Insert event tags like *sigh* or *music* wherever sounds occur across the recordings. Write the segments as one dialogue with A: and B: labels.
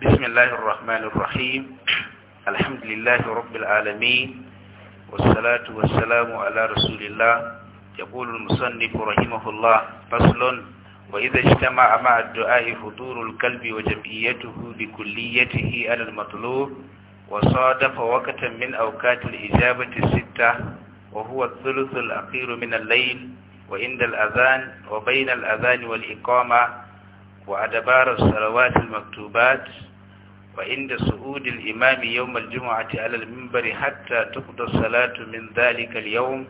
A: بسم الله الرحمن الرحيم الحمد لله رب العالمين والصلاة والسلام على رسول الله يقول المصنف رحمه الله فصل وإذا اجتمع مع الدعاء فطور الكلب وجمعيته بكليته على المطلوب وصادف وقتا من أوقات الإجابة الستة وهو الثلث الأخير من الليل وعند الأذان وبين الأذان والإقامة وأدبار الصلوات المكتوبات وعند صعود الإمام يوم الجمعة على المنبر حتى تقضى الصلاة من ذلك اليوم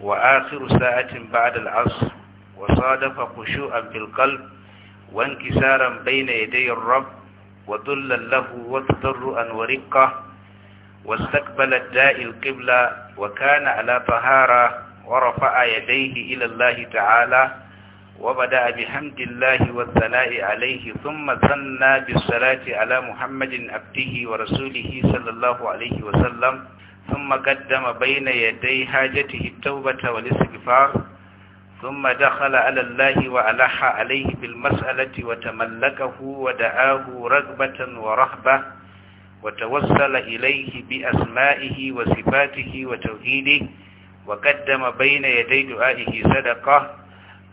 A: وآخر ساعة بعد العصر وصادف خشوعا في القلب وانكسارا بين يدي الرب وذلا له وتضرعا ورقة واستقبل الداء القبلة وكان على طهارة ورفع يديه إلى الله تعالى وبدأ بحمد الله والثناء عليه ثم ثنى بالصلاة على محمد عبده ورسوله صلى الله عليه وسلم ثم قدم بين يدي حاجته التوبة والاستغفار ثم دخل على الله وألح عليه بالمسألة وتملكه ودعاه رغبة ورهبة وتوسل إليه بأسمائه وصفاته وتوحيده وقدم بين يدي دعائه صدقه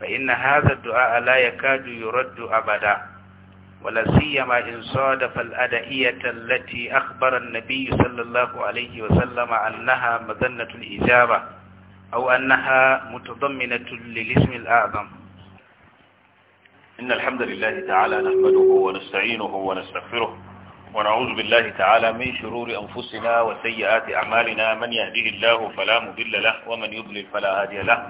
A: فإن هذا الدعاء لا يكاد يرد أبدا ولا سيما إن صادف الأدعية التي أخبر النبي صلى الله عليه وسلم أنها مذنة الإجابة أو أنها متضمنة للاسم الأعظم إن الحمد لله تعالى نحمده ونستعينه
B: ونستغفره ونعوذ بالله تعالى من شرور أنفسنا وسيئات أعمالنا من يهده الله فلا مضل له ومن يضلل فلا هادي له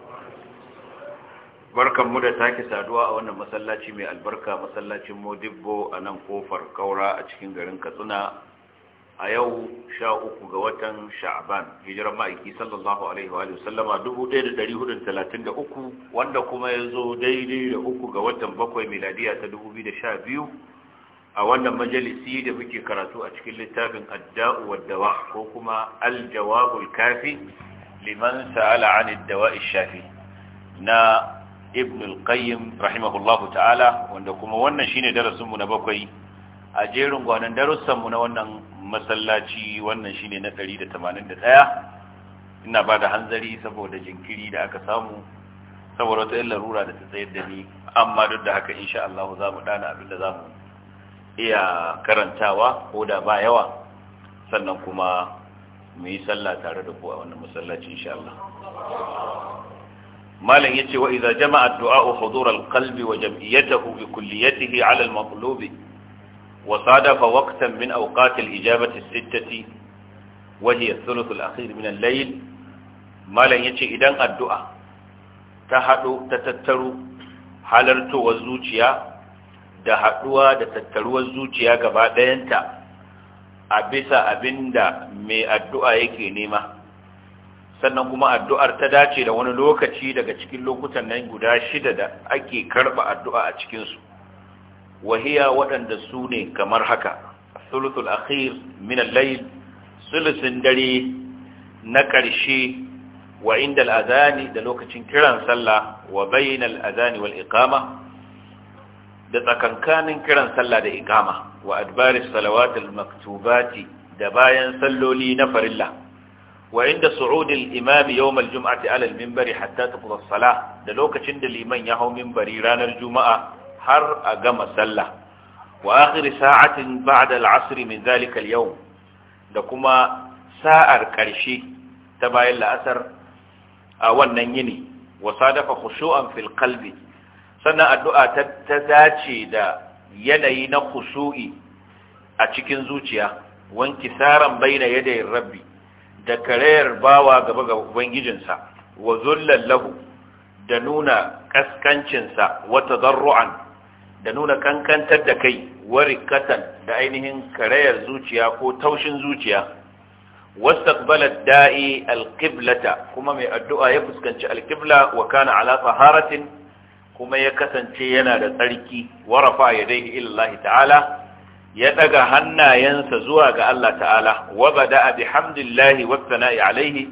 B: mu da take saduwa a wannan masallaci mai albarka masallacin modibbo a nan kofar kaura a cikin garin katsina a yau sha uku ga watan sha'aban hijirar ma'aiki sallallahu alaihi wa sallama uku, wanda kuma ya zo daidai da uku ga watan bakwai miladiya ta biyu, a wannan majalisi da muke karatu a cikin littafin adda'u wadda ko kuma aljawabul kafi liman sa'ala an dawa'i shafi na ibn al-qayyim rahimahullahu ta'ala wanda kuma wannan shine darasin mu na bakwai a jerin gwanan darussan mu na wannan masallaci wannan shine na 181 ina ba da hanzari saboda jinkiri da aka samu saboda wata larura da ta tsayar da ni amma duk da haka insha Allah za mu dana abin da za mu iya karantawa ko da ba yawa sannan kuma mu yi sallah tare da ku a wannan masallaci insha Allah malam yace wa idza jama'a du'a hudur al-qalbi wa jam'iyyatahu bi kulliyatihi 'ala al-matlub wa sadafa waqtan min awqat al-ijabati as-sittati wa hiya ath min al-layl malam yace idan addu'a ta hado ta tattaru halartowar zuciya da haduwa da tattaruwar zuciya gaba dayanta a bisa abinda mai addu'a yake nema sannan kuma addu'ar ta dace da wani lokaci daga cikin lokutan nan guda shida da ake karba addu'a a cikinsu wahiya waɗanda su ne kamar haka sulutul akhir min al-layl sulusin dare na ƙarshe wa inda azani da lokacin kiran sallah wa bayin azani wal iqama da tsakankanin kiran sallah da iqama wa adbaris salawatul maktubati da bayan salloli na farilla wa inda su'udil Imami yawm al-jum'ati ala al-minbari da lokacin da liman ya hau mimbari ranar juma'a har a gama sallah wa akhir sa'atin ba'da al-'asr yau, da kuma sa'ar ƙarshe ta bayan la'asar a wannan yini wasa dafa khushu'an fil qalbi sannan addu'a ta dace da yanayi na khushu'i a cikin zuciya wanki saran baina yadayin rabbi da karayar bawa gaba ga ubangijinsa wa zullan lahu da nuna kaskancinsa wa tadarru'an da nuna kankantar da kai wa rikatan da ainihin karayar zuciya ko taushin zuciya واستقبل da'i alqiblata kuma mai addu'a ya fuskanci alqibla wa kana ala taharatin kuma ya kasance yana da tsarki wa rafa yadayhi ila Allah ta'ala ya daga hannayensa zuwa ga Allah ta'ala wa ba da bi hamdillahi wa sana'i alaihi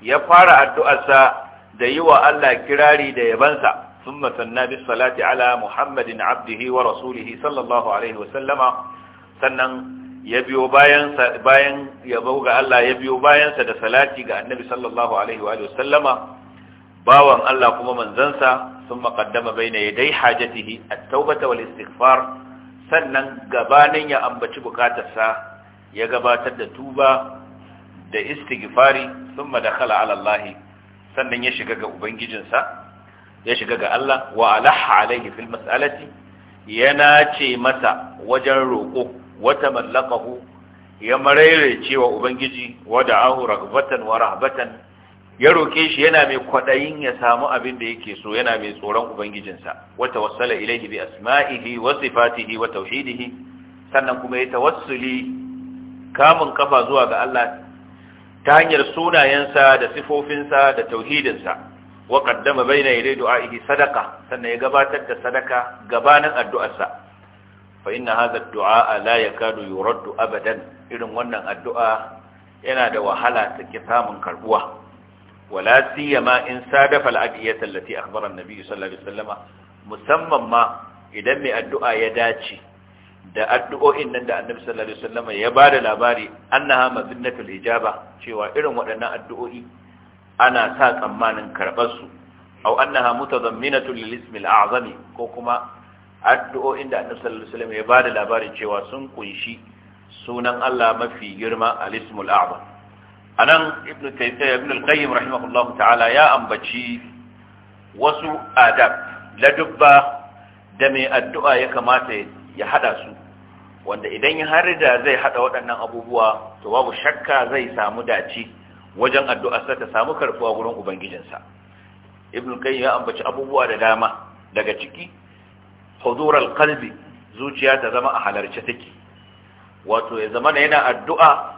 B: ya fara addu'arsa da yi wa Allah kirari da yabansa thumma sanna bis salati ala muhammadin abdihi wa rasulihi sallallahu alaihi wa sallama sannan ya biyo bayan bayan yabo ga Allah ya biyo bayansa da salati ga annabi sallallahu alaihi wa sallama bawan Allah kuma manzansa thumma qaddama bayna dai hajatihi at-taubata wal istighfar sannan gabanin ya ambaci bukatarsa ya gabatar da tuba da istighfari sun madakala alallahi sannan ya shiga ga ubangijinsa ya shiga ga Allah wa alaha alaihi fil mas'alati yana ce masa wajen roƙo wata mallakahu ya marere cewa ubangiji wada'ahu ragbatan wa rahbatan ya roke shi yana mai kwaɗayin ya samu abin da yake so yana mai tsoron ubangijinsa Wata wasala ilaihi bi asma'ihi wa sifatihi wa tauhidihi sannan kuma ya tawassuli kamun kafa zuwa ga Allah ta hanyar sunayensa da sifofinsa da tauhidinsa wa qaddama baina yaday du'a'ihi sadaqa sannan ya gabatar da sadaka gabanin addu'arsa fa inna hadha ad-du'a la yakadu yuraddu abadan irin wannan addu'a yana da wahala ta samun karbuwa wala siyama in sadafa al'adiyata allati akhbara an-nabi sallallahu alaihi wasallama musamman ma idan mai addu'a ya dace da addu'o'in nan da annabi sallallahu alaihi wasallama ya da labari annaha mazinnatul ijaba cewa irin waɗannan addu'o'i ana sa tsammanin karɓarsu, Au aw annaha mutadamminatu lil al-a'zami ko kuma addu'o'in da annabi sallallahu alaihi wasallama ya da labarin cewa sun kunshi sunan Allah mafi girma al-ismul a'zam anan ibn taymiyyah ibn al-qayyim rahimahullahu ta'ala ya ambaci wasu adab dubba da mai addu'a ya kamata ya hada su wanda idan ya har da zai hada waɗannan abubuwa to babu shakka zai samu dace wajen addu'arsa ta samu karbuwa wurin ubangijinsa ibn qayyim ya ambaci abubuwa da dama daga ciki huzurar kalbi zuciya ta zama a halarci take wato ya zama yana addu'a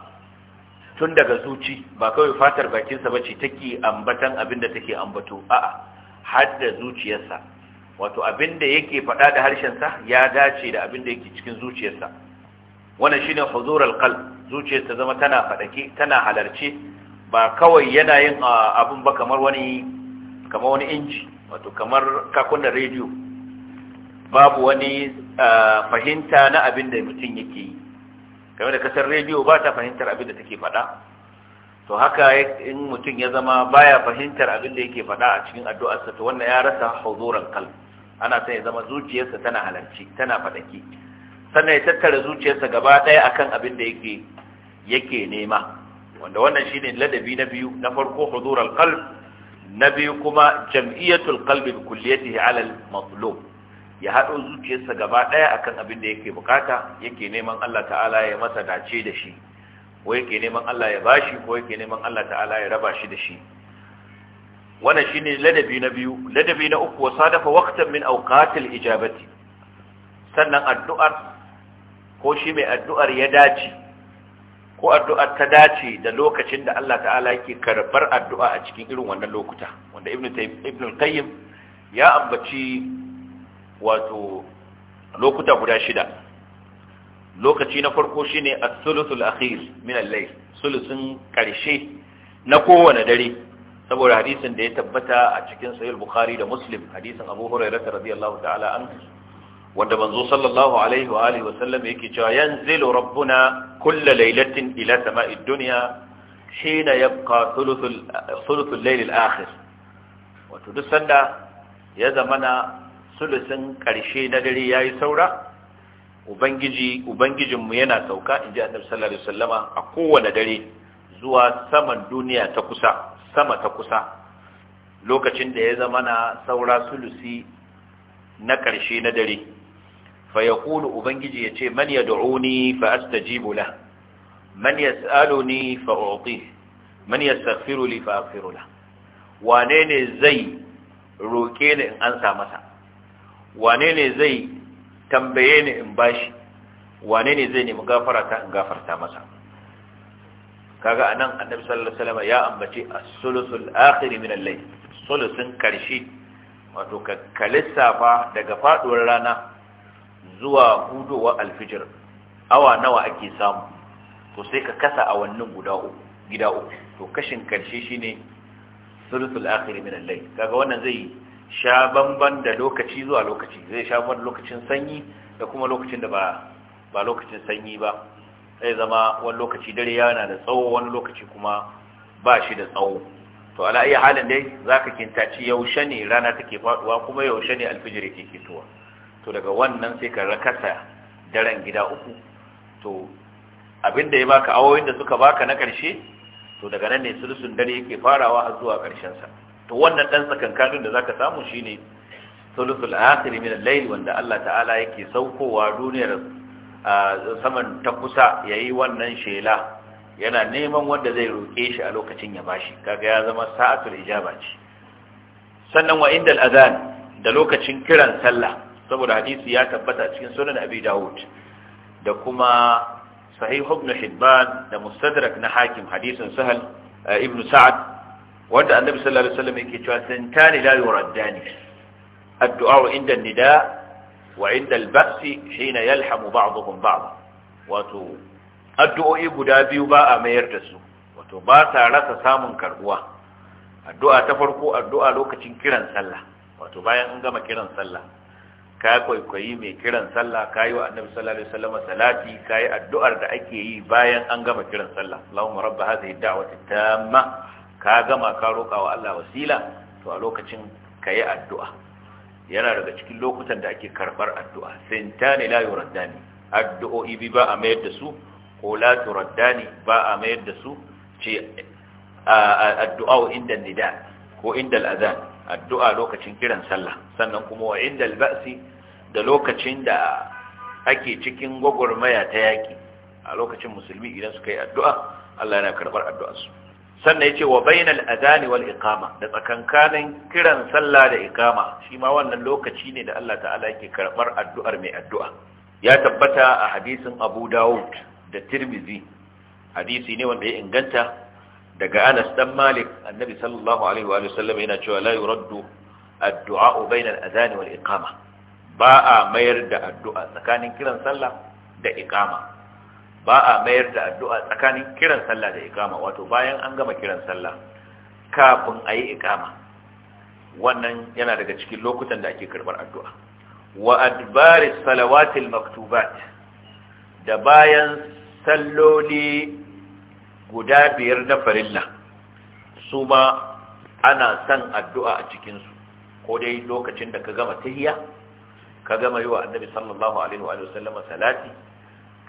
B: tun daga zuci ba kawai fatar bakinsa ba ce take ambatan abinda take ambato a'a har da zuciyarsa wato abinda yake faɗa da harshen sa ya dace da abinda yake cikin zuciyarsa wannan shine huzur zuciyar zuciyarsa zama tana fadake tana halarce ba kawai yana yin abun ba kamar wani kamar wani inji wato kamar kakun radio rediyo babu wani fahimta na abinda mutum yake yi game da kasar rediyo ba ta fahimtar abin da take faɗa to haka in mutum ya zama baya fahimtar abin da yake faɗa a cikin addu'arsa to wannan ya rasa huzuran kal ana son ya zama zuciyarsa tana halarci tana faɗaki sannan ya tattara zuciyarsa gaba ɗaya akan abin da yake yake nema wanda wannan shine ladabi na biyu na farko huzuran qalb na biyu kuma jam'iyyatul qalbi bi kulliyatihi ala al-matlub ya haɗo zuciyarsa gaba ɗaya akan abin da yake bukata yake neman Allah ta'ala ya masa dace da shi ko yake neman Allah ya bashi ko yake neman Allah ta'ala ya raba shi da shi wannan shine ladabi na biyu ladabi na uku dafa waktan min awqatil ijabati sannan addu'ar ko shi mai addu'ar ya dace ko addu'ar ta dace da lokacin da Allah ta'ala yake karbar addu'a a cikin irin wannan lokuta wanda ibnu ibnu qayyim ya ambaci wato lokuta guda shida lokaci na farko shine as-sulusul akhir min al-layl sulusun karshe na kowane dare saboda hadisin da ya tabbata a cikin sahih bukhari da muslim hadisin abu hurairah radiyallahu ta'ala anhu wanda manzo sallallahu alaihi wa alihi wa sallam yake cewa yanzilu rabbuna kulla lailatin ila sama'i dunya hina yabqa thuluthul thuluthul layl al-akhir wato duk sanda ya zamana sulusin ƙarshe na dare ya yi saura ubangiji ubangijinmu yana sauka in ji annabi sallallahu alaihi a kowane dare zuwa saman duniya ta kusa sama ta kusa lokacin da ya zama na saura sulusi na ƙarshe na dare fa yaqulu ubangiji ce, man ya yad'uni fa ji la man ya yas'aluni fa u'tihi man yastaghfiru li fa la wane ne zai roƙe ni in ansa masa wane ne zai tambaye ni in bashi wane ne zai nemi gafara ta in gafarta masa kaga anan annabi sallallahu alaihi wasallam ya ambace as-sulusul akhir min al-layl sulusun karshe wato ka fa daga faduwar rana zuwa hudowa alfijir awa nawa ake samu to sai ka kasa a wannan guda uku gida uku to kashin karshe shine sulusul akhir min al-layl kaga wannan zai sha banban da lokaci zuwa lokaci zai sha banban lokacin sanyi da kuma lokacin da ba lokacin sanyi ba zai zama wani lokaci dare yana da tsawo wani lokaci kuma ba shi da tsawo to ala iya halin dai zaka kintaci yaushe ne rana take faduwa kuma yaushe ne alfijir ke fitowa to daga wannan sai ka rakasa daren gida uku to abin da ya baka awoyin da suka baka na karshe to daga nan ne sulusun dare yake farawa har zuwa karshen sa to wannan dan sakankanin da zaka samu shine sulusul akhir min al-layl wanda Allah ta'ala yake saukowa duniyar saman ta kusa yayi wannan shela yana neman wanda zai roke shi a lokacin ya bashi kaga ya zama sa'atul ijaba ce sannan wa indal adhan da lokacin kiran sallah saboda hadisi ya tabbata cikin sunan abi daud da kuma sahih ibn hibban da mustadrak na hakim hadisin sahal ibn sa'ad wanda annabi sallallahu alaihi wasallam yake cewa santani la yuraddani addu'a inda nida wa inda al-ba'si hina yalhamu ba'dhum ba'd wato addu'o'i guda biyu ba a mayar da su wato ba ta rasa samun karbuwa addu'a ta farko addu'a lokacin kiran sallah wato bayan an gama kiran sallah ka kwaikwayi mai kiran sallah ka yi wa annabi sallallahu alaihi wasallam salati ka yi addu'ar da ake yi bayan an gama kiran sallah Allahumma rabb hadhihi ad-da'wati tamma ka gama ka roƙa wa Allah wasila to a lokacin ka yi addu'a yana daga cikin lokutan da ake karɓar addu'a ne la yuraddani addu'o'i bi ba a mayar da su ko la turaddani ba a mayar da su ce addu'a inda nida ko inda al'azan addu'a lokacin kiran sallah sannan kuma wa inda alba'si da lokacin da ake cikin gwagwarmaya ta yaki. a lokacin musulmi idan suka yi addu'a Allah yana karɓar addu'arsu sannan yace wa bainal adani wal iqama da tsakankanin kiran sallah da iqama shi ma wannan lokaci ne da Allah ta'ala yake karbar addu'ar mai addu'a ya tabbata a hadisin Abu Dawud da Tirmidhi hadisi ne wanda ya inganta daga Anas dan Malik annabi sallallahu alaihi wa sallam yana cewa la yuraddu addu'a bainal adani wal iqama ba a mayar da addu'a tsakanin kiran sallah da iqama ba a mayar da addu'a tsakanin kiran sallah da ikama wato bayan an gama kiran sallah kafin a yi ikama wannan yana daga cikin lokutan da ake karbar addu'a wa adbari salawatil maktubat da bayan salloli guda biyar na farilla su ma ana son addu'a a cikinsu ko dai lokacin da ka gama tahiya ka gama yi wa annabi sallallahu alaihi wa sallama salati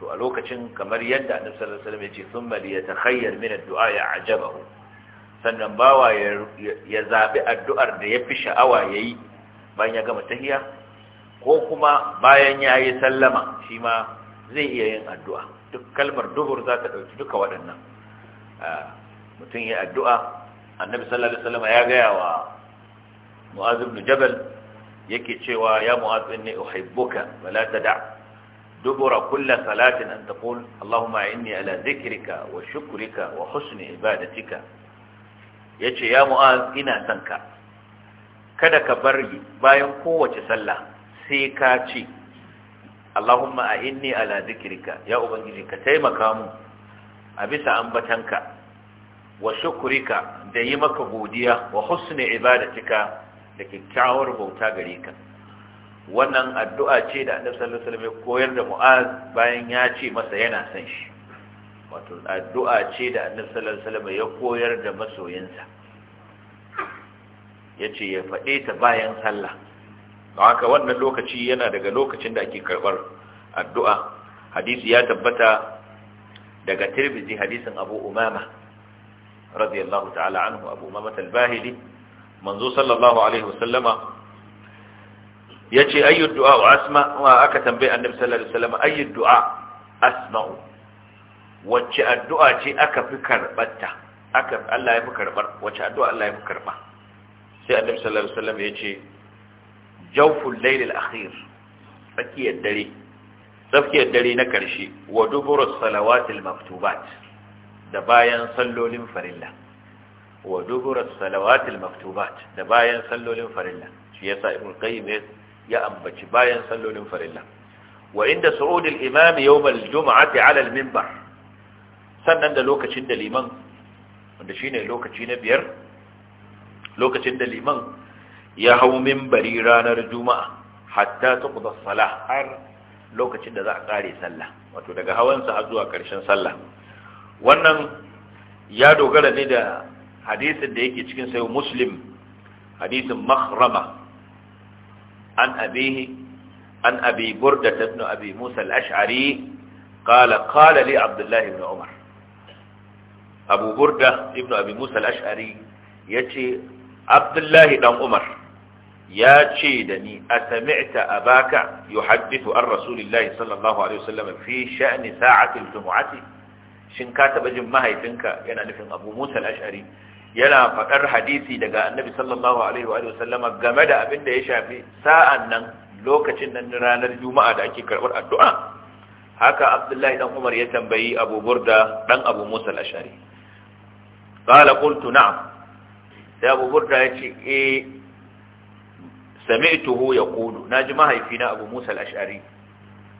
B: to a lokacin kamar yadda annabi sallallahu alaihi wasallam ya ce thumma liyatakhayyar min ad-du'a ya ajabahu sannan bawa ya zabi addu'ar da yafi sha'awa yayi bayan ya gama tahiyya ko kuma bayan ya yi sallama shi ma zai iya yin addu'a duk kalmar duhur za ta dauki duka waɗannan mutum ya addu'a annabi sallallahu alaihi wasallam ya gaya wa mu'az ibn jabal yake cewa ya mu'az inni uhibbuka wala tada' دبر كل صلاة أن تقول اللهم إني على ذكرك وشكرك وحسن عبادتك يتي يا معاذ إنا سنك kada ka bari bayan kowace sallah sai ka ce Allahumma a inni ala zikirka ya ubangiji ka taimaka mu a bisa ambatanka wa shukurika da yi maka godiya wa husni ibadatika da kyakkyawar bauta gare ka wannan addu'a ce da annabi sallallahu alaihi wasallam ya koyar da mu'az bayan ya ce masa yana son shi wato addu'a ce da annabi sallallahu alaihi wasallam ya koyar da masoyinsa yace ya faɗe ta bayan sallah don haka wannan lokaci yana daga lokacin da ake karɓar addu'a hadisi ya tabbata daga tirbizi hadisin abu umama radiyallahu ta'ala anhu abu umama talbahili manzo sallallahu alaihi wasallama yace ayyu du'a wa asma wa aka tambaye annabi sallallahu alaihi wasallam ayyu du'a asma'u wacce addu'a ce aka fi karbarta aka Allah ya fi karbar wacce addu'a Allah ya fi karba sai annabi sallallahu alaihi wasallam yace jawful layl al-akhir tsakiyar dare tsakiyar dare na karshe wa duburu salawatil maktubat da bayan sallolin farilla wa duburu salawatil maktubat da bayan sallolin farilla shi yasa ibn qayyim ya ambaci bayan sallolin farilla wa inda su'ud imam yawm al-jum'ati 'ala al-minbar sannan da lokacin da liman wanda shine lokaci na biyar lokacin da liman ya hau minbari ranar juma'a hatta tuqda salah har lokacin da za a kare sallah wato daga hawansa har zuwa karshen sallah wannan ya dogara ne da hadisin da yake cikin sayo muslim hadisin makhrama عن أبيه عن أبي بردة بن أبي موسى الأشعري قال قال لي عبد الله بن عمر أبو بردة بن أبي موسى الأشعري يتي عبد الله بن عمر يا تشيدني أسمعت أباك يحدث عن رسول الله صلى الله عليه وسلم في شأن ساعة الجمعة شن كاتب جمعه jin mahaifinka yana nufin abu musa yana faɗar hadisi daga annabi sallallahu alaihi wa sallama game da abin da ya shafi sa'an nan lokacin nan ranar juma'a da ake karɓar addu'a haka abdullahi dan umar ya tambayi abu burda dan abu musa al-ashari qala qultu na'am sai abu burda ya ce e eh sami'tuhu yaqulu naji mahaifina abu musa al-ashari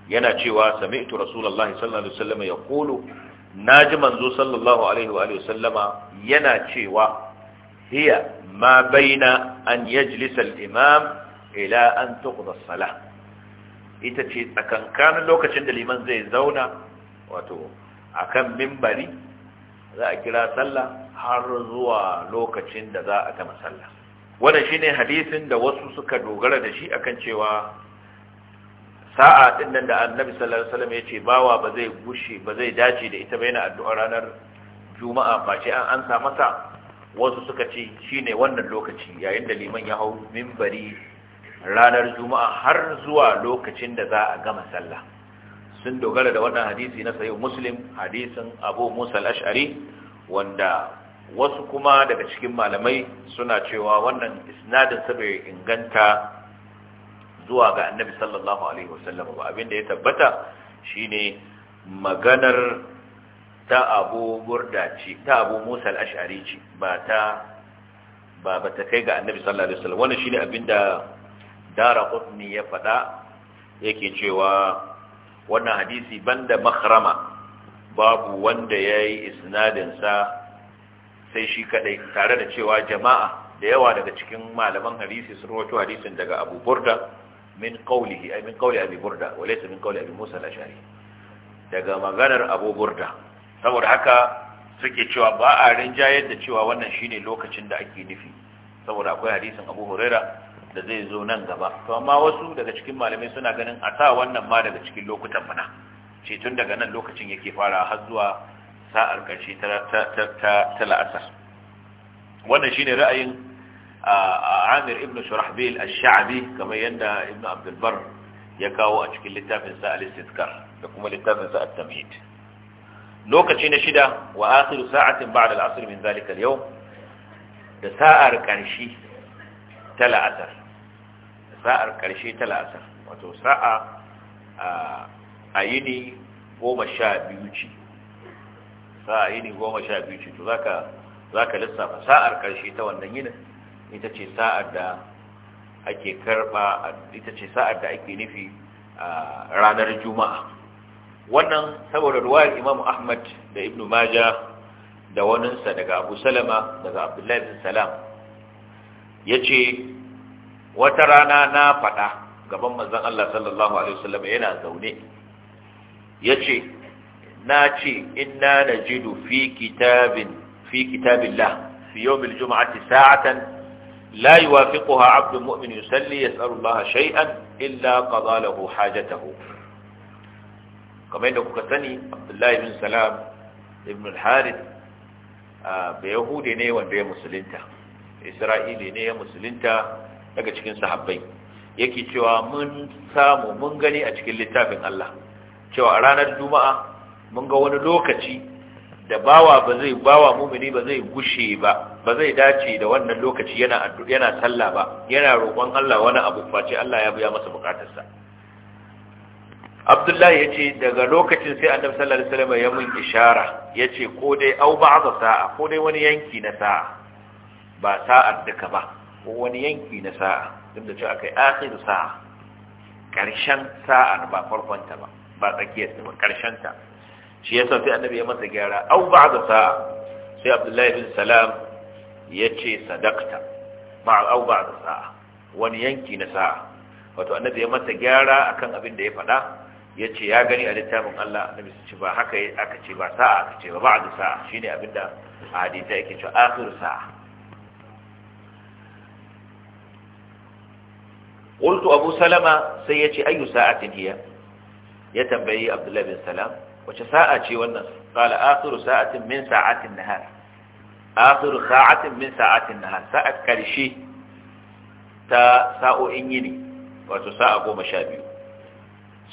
B: yana cewa tu rasulullahi sallallahu alaihi ya yaqulu na ji manzo sallallahu alaihi wa sallama yana cewa hiya ma baina an yajlisa al-imam ila an tuqda as-salah ita ce tsakankanin lokacin da liman zai zauna wato akan mimbari za a kira sallah har zuwa lokacin da za a gama sallah wannan shine hadisin da wasu suka dogara da shi akan cewa sa'a din nan da annabi sallallahu alaihi wasallam yace bawa ba zai gushe ba zai dace da ita ba yana addu'a ranar juma'a ba ce an ansa masa wasu suka ce shine wannan lokaci yayin da liman ya hau mimbari ranar juma'a har zuwa lokacin da za a gama sallah sun dogara da wannan hadisi na sayo muslim hadisin abu musa al-ash'ari wanda wasu kuma daga cikin malamai suna cewa wannan isnadin sabai inganta zuwa ga annabi sallallahu alaihi wasallam ba abinda ya tabbata shine maganar ta abu burda ce ta abu musa al-ash'ari ce ba ta ba ba kai ga annabi sallallahu alaihi wasallam wannan shine abinda qutni ya faɗa yake cewa wannan hadisi banda makhrama babu wanda yayi isnadin sa sai shi kadai tare da cewa jama'a da yawa daga cikin malaman hadisi sun rawaito hadisin daga Abu Burda min qawlihi ay min qawli abi burda wa laysa min qawli abi musa al-ash'ari daga maganar abu burda saboda haka suke cewa ba a rinjayar da cewa wannan shine lokacin da ake nufi saboda akwai hadisin abu huraira da zai zo nan gaba to amma wasu daga cikin malamai suna ganin a sa wannan ma daga cikin lokutan mana ce tun daga nan lokacin yake fara har zuwa sa'ar ƙarshe ta la'asar wannan shine ra'ayin amir ibn shurahbil ash-sha'bi kamar yadda ibn abdul ya kawo a cikin littafin sa al-istizkar da kuma littafin sa at lokaci na shida wa akhiru sa'atin ba'da al-asr min zalika al-yawm da sa'ar ƙarshe ta la'asar wato sa'a a yini goma sha biyu to za ka lissafa sa'ar ƙarshe ta wannan ita ce sa'ar da ake ita ce da ake nufi ranar juma'a wannan saboda ruwayar imam ahmad da Ibn majah da waninsa daga abu salama daga abdullahi salam ya ce wata rana na faɗa gaban manzan Allah sallallahu Alaihi wasallam yana zaune ya ce na ce ina na jidu fi kitabin fi kitabin la fi yau mil sa'atan لا يوافقها عبد مؤمن يصلي يسأل الله شيئا إلا قضى له حاجته كما أنه كتني عبد الله بن سلام ابن الحارث بيهودي ني وانده مسلمتا إسرائيلي ني مسلمتا daga cikin sahabbai yake cewa mun samu mun gani a cikin littafin Allah cewa a ranar juma'a mun ga wani lokaci da bawa ba zai bawa mumini ba zai gushe ba ba zai dace da wannan lokaci yana yana sallah ba yana roƙon Allah wani abu face Allah ya biya masa bukatarsa Abdullahi yace daga lokacin sai Annabi sallallahu alaihi wasallam ya mun ishara yace ko dai au ba'da sa'a ko dai wani yanki na sa'a ba sa'ar duka ba ko wani yanki na sa'a duk da cewa kai akhir sa'a karshen sa'ar ba farkonta ba ba tsakiyar ba karshen ta shi yasa sai annabi ya masa gyara au ba'da sa'a sai abdullahi bin salam ya ce sadakta Ma au ba'da sa'a wani yanki na sa'a wato annabi ya masa gyara akan abin da ya faɗa ya ce ya gani a littafin Allah annabi su ce ba haka aka ce ba sa'a aka ce ba ba ba'da sa'a shine abin da a hadisi yake cewa akhir sa'a قلت أبو سلمة سيأتي أي ساعة هي يتنبهي عبد الله بن سلام wace sa'a ce wannan qala akhiru sa'atin min sa'atin nahar akhiru sa'atin min sa'atin nahar sa'a karshe ta sa'o'in yini wato sa'a goma sha biyu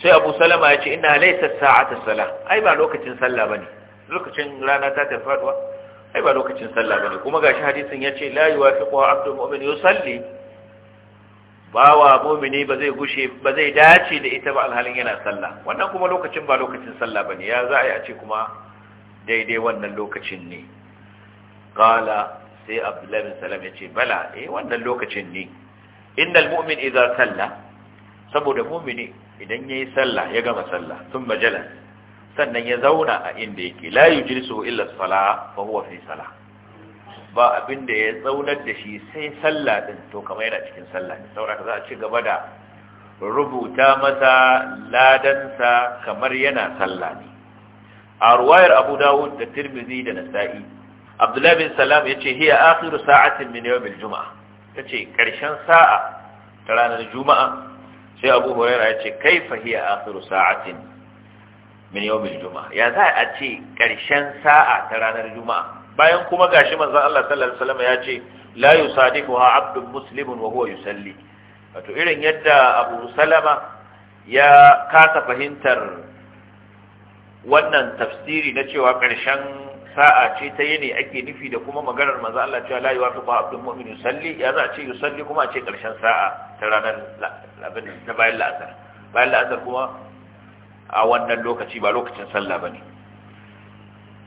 B: sai abu salama ya ce ina laisa sa'ata sala ai ba lokacin sallah bane lokacin rana ta tafi faduwa ai ba lokacin sallah bane kuma gashi hadisin yace la yuwafiqu abdul mu'min yusalli bawa mumini ba zai gushe ba zai dace da ita ba alhalin yana sallah wannan kuma lokacin ba lokacin sallah bane ya za a yi a ce kuma daidai wannan lokacin ne qala sai abdullahi bin salam ya ce bala eh wannan lokacin ne innal mu'min idza salla saboda mumini idan yayi sallah ya gama sallah thumma jala sannan ya zauna a inda yake la yujlisu illa as fa huwa fi salah ba abin da ya tsaunar da shi sai sallah din to kamar yana cikin sallah ne za a ci gaba da rubuta masa ladansa kamar yana sallah ne a ruwayar Abu Dawud da Tirmizi da Nasa'i Abdullah bin Salam yace hiya akhiru sa'atin min yawmil juma'a ce karshen sa'a ta ranar juma'a sai Abu Hurairah yace kaifa hiya akhiru sa'atin min yawmil juma'a ya za a ce karshen sa'a ta ranar juma'a bayan kuma gashi manzon Allah sallallahu alaihi wasallam ya ce la yusadiquha abdun muslimun wa huwa yusalli wato irin yadda Abu Salama ya kasa fahimtar wannan tafsiri na cewa ƙarshen sa'a ce ta yini ake nufi da kuma maganar manzon Allah cewa la yuwafiqu abdun mu'min yusalli ya za a ce yusalli kuma a ce ƙarshen sa'a ta ranar abin ta bayan la'azar bayan la'asar kuma a wannan lokaci ba lokacin sallah bane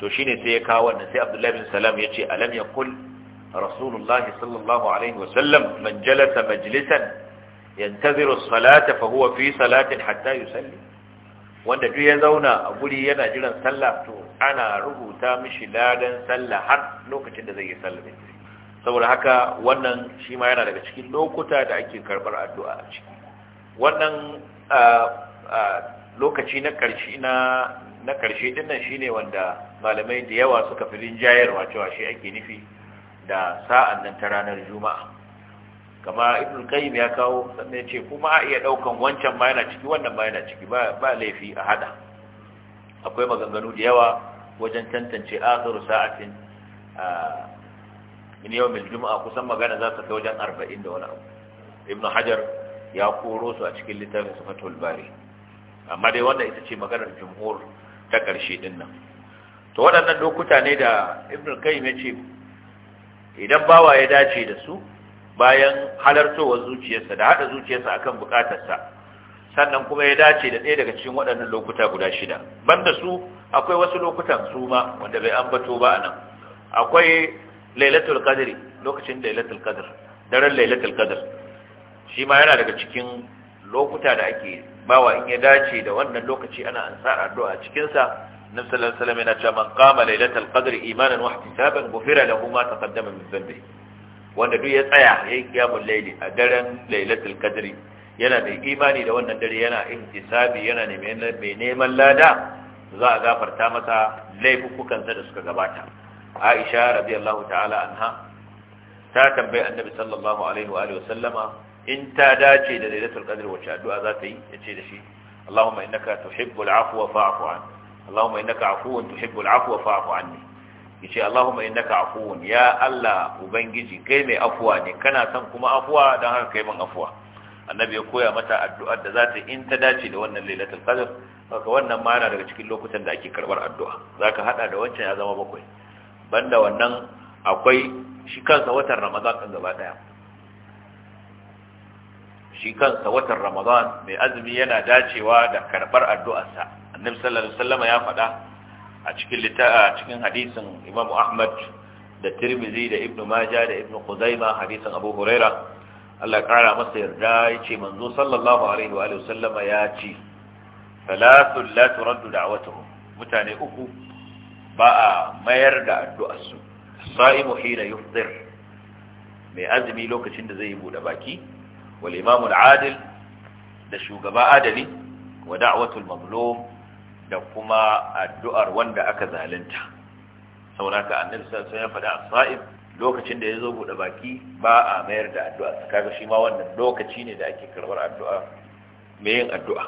B: to shine sai ya kawo wannan sai Abdullahi bin Salam ya ce alam yaqul Rasulullahi sallallahu alaihi wa sallam man jalasa majlisan yantaziru salata fa huwa fi salatin hatta yusalli wanda duk ya zauna a guri yana jiran sallah to ana rubuta mishi ladan sallah har lokacin da zai yi sallah saboda haka wannan shi ma yana daga cikin lokuta da ake karbar addu'a a ciki wannan lokaci na ƙarshe na na dinnan shine wanda malamai da yawa suka fi rinjayarwa cewa shi ake nufi da sa'an nan ta ranar juma'a kama ibn qayyim ya kawo sannan ya ce kuma a iya ɗaukan wancan ma yana ciki wannan ma yana ciki ba laifi a haɗa. akwai maganganu da yawa wajen tantance akhiru sa'atin min yawmil juma'a kusan magana za ta kai wajen arba'in da wani abu ibn hajar ya koro su a cikin littafin sifatul bari amma dai wannan ita ce maganar jumhur ta karshe din nan to waɗannan lokuta ne da ibn kayyim yace idan bawa ya dace da su bayan halartowar zuciyarsa da hada zuciyarsa akan bukatarsa sannan kuma ya dace da ɗaya daga cikin waɗannan lokuta guda shida banda su akwai wasu lokutan su ma wanda bai ambato ba anan akwai lailatul qadr lokacin lailatul qadr daren lailatul qadr shi ma yana daga cikin lokuta da ake bawa in ya dace da wannan lokaci ana ansar addu'a cikin sa annabi sallallahu alaihi wasallam yana cewa man qama lailatul qadri imanan wa ihtisaban ghufira lahu ma taqaddama min wanda duk ya tsaya yayi qiyamul laili, a daren lailatul qadri yana da imani da wannan dare yana ihtisabi yana mai neman lada za a gafarta masa laifukansa da suka gabata Aisha radiyallahu ta'ala anha ta tambayi Annabi sallallahu alaihi wa alihi in ta dace da lailatul qadr wacce addu'a za ta yi yace da shi Allahumma innaka tuhibbul afwa fa'fu an Allahumma innaka afuwun tuhibbul afwa fa'fu anni yace Allahumma innaka afuwun ya Allah ubangiji kai mai afuwa ne kana son kuma afuwa dan haka kai min afuwa annabi ya koya mata addu'ar da za ta in ta dace da wannan lailatul qadr haka wannan ma yana daga cikin lokutan da ake karɓar addu'a zaka haɗa da wancan ya zama bakwai banda wannan akwai shi kansa watan ramadan kan gaba ɗaya. shi kansa watan ramadan mai azumi yana dacewa da karbar addu'arsa annabi sallallahu alaihi wasallam ya faɗa a cikin lita'a cikin hadisin imam ahmad da tirmizi da ibnu maja da ibnu qudaima hadisin abu huraira Allah ya kara masa yarda yace manzo sallallahu alaihi wa sallama ya ce salatu la turaddu da'watuhum mutane uku ba a mayar da addu'arsu sa'imu hina yufdir mai azumi lokacin da zai bude baki wal adil da shugaba adali wa da'watul mazlum da kuma addu'ar wanda aka zalunta sauraka annabi sallallahu alaihi wasallam ya faɗa as lokacin da yazo bude baki ba a mayar da addu'a kaga shi ma wannan lokaci ne da ake karbar addu'a mai yin addu'a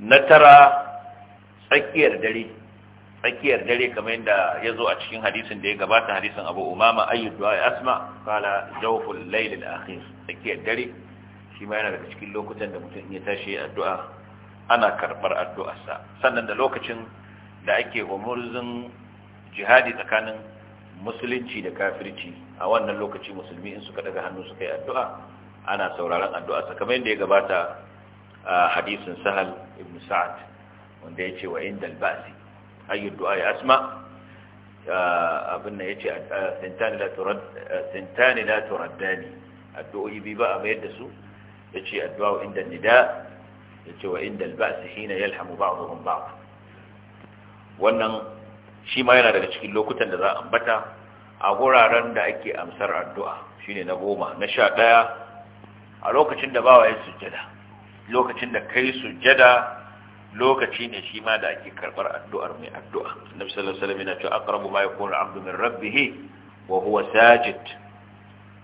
B: na tara tsakiyar dare tsakiyar dare kamar yadda yazo a cikin hadisin da ya gabata hadisin Abu Umama ayyud du'a asma qala jawful layl al-akhir tsakiyar dare shi ma yana daga cikin lokutan da mutum ya tashi addu'a ana karɓar addu'arsa sannan da lokacin da ake gumurzun jihadi tsakanin musulunci da kafirci a wannan lokaci musulmi in suka daga hannu suka yi addu'a ana sauraron addu'arsa kamar yadda ya gabata a hadisin sahal ibn sa'ad wanda ya ce wa inda albasi ayi du'a ya asma abin da ya ce sintani la turaddani addu'o'i bi ba a mayar da su yace addu'a inda nida yace wa inda al-ba's hina yalhamu ba'dhum ba'd wannan shi ma yana daga cikin lokutan da za a ambata a wuraren da ake amsar addu'a shine na goma na sha ɗaya a lokacin da bawa ya sujada. lokacin da kai sujada lokaci ne shi ma da ake karɓar addu'ar mai addu'a. Nabi sallallahu Alaihi wasallam yana cewa ma min rabbih wa huwa sajid